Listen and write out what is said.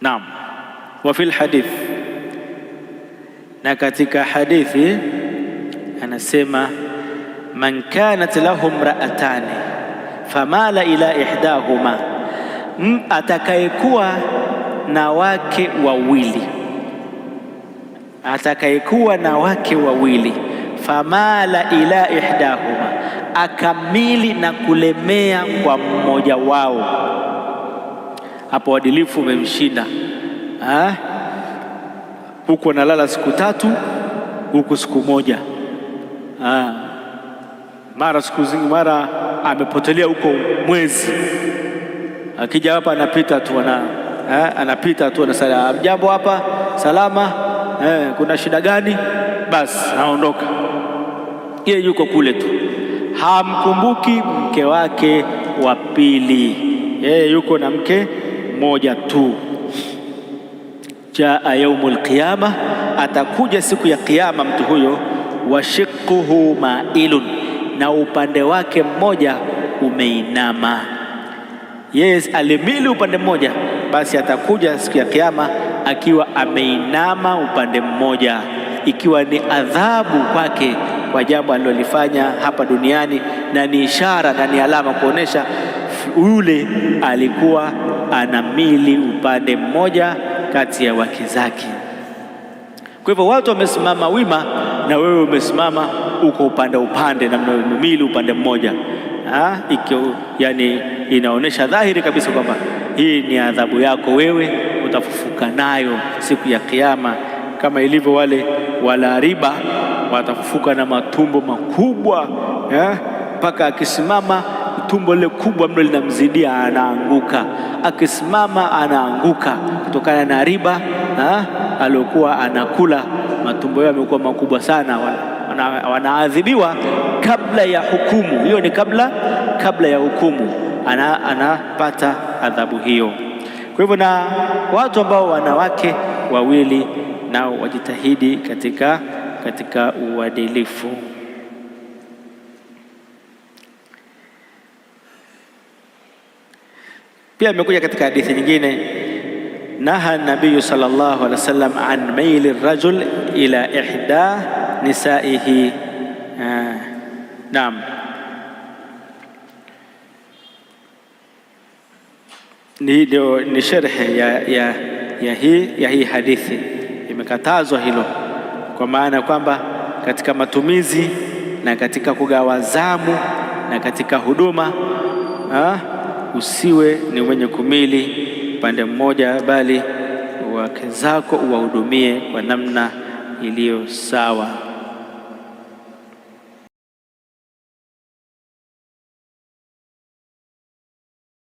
Naam, wa fil hadith, na katika hadithi anasema man kanat lahu mraatani famala ila ihdahuma, atakayekuwa na wake wawili, atakayekuwa na wake wawili, famala ila ihdahuma, akamili na kulemea kwa mmoja wao hapo uadilifu umemshinda ha? huku analala siku tatu, huku siku moja ha? mara siku zingi, mara amepotelea huko mwezi, akija hapa anapita tu ana ha? anapita tu anasala, jambo hapa salama eh, kuna shida gani? Basi anaondoka yeye, yuko kule tu, hamkumbuki mke wake wa pili. Yeye yuko na mke mmoja tu, jaa yaumul qiyama, atakuja siku ya kiyama mtu huyo, washiquhu mailun, na upande wake mmoja umeinama. Yes, alimili upande mmoja, basi atakuja siku ya kiyama akiwa ameinama upande mmoja, ikiwa ni adhabu kwake kwa jambo alilolifanya hapa duniani, na ni ishara na ni alama kuonesha ule alikuwa anamili upande mmoja kati ya wake zake. Kwa hivyo watu wamesimama wima na wewe umesimama uko upande upande na mnamili upande mmoja ha? Ikyo, yani inaonyesha dhahiri kabisa kwamba hii ni adhabu yako wewe, utafufuka nayo siku ya Kiyama, kama ilivyo wale wala riba watafufuka na matumbo makubwa mpaka akisimama tumbo lile kubwa mno linamzidia, anaanguka. Akisimama anaanguka kutokana na riba aliyokuwa anakula. Matumbo yao yamekuwa makubwa sana, wana, wanaadhibiwa kabla ya hukumu hiyo. Ni kabla kabla ya hukumu ana, anapata adhabu hiyo. Kwa hivyo na watu ambao wanawake wawili nao wajitahidi katika, katika uadilifu. Pia amekuja katika hadithi nyingine, naha nabiyu sallallahu alaihi wasallam an maili rajul ila ihda nisaihi. Ah, naam, ni ndio ni sherhe ya, ya, ya hii ya hii hadithi. Imekatazwa hilo kwa maana kwamba katika matumizi na katika kugawa zamu na katika huduma ha? Ah, usiwe ni mwenye kumili upande mmoja, bali wake zako uwahudumie kwa namna iliyo sawa.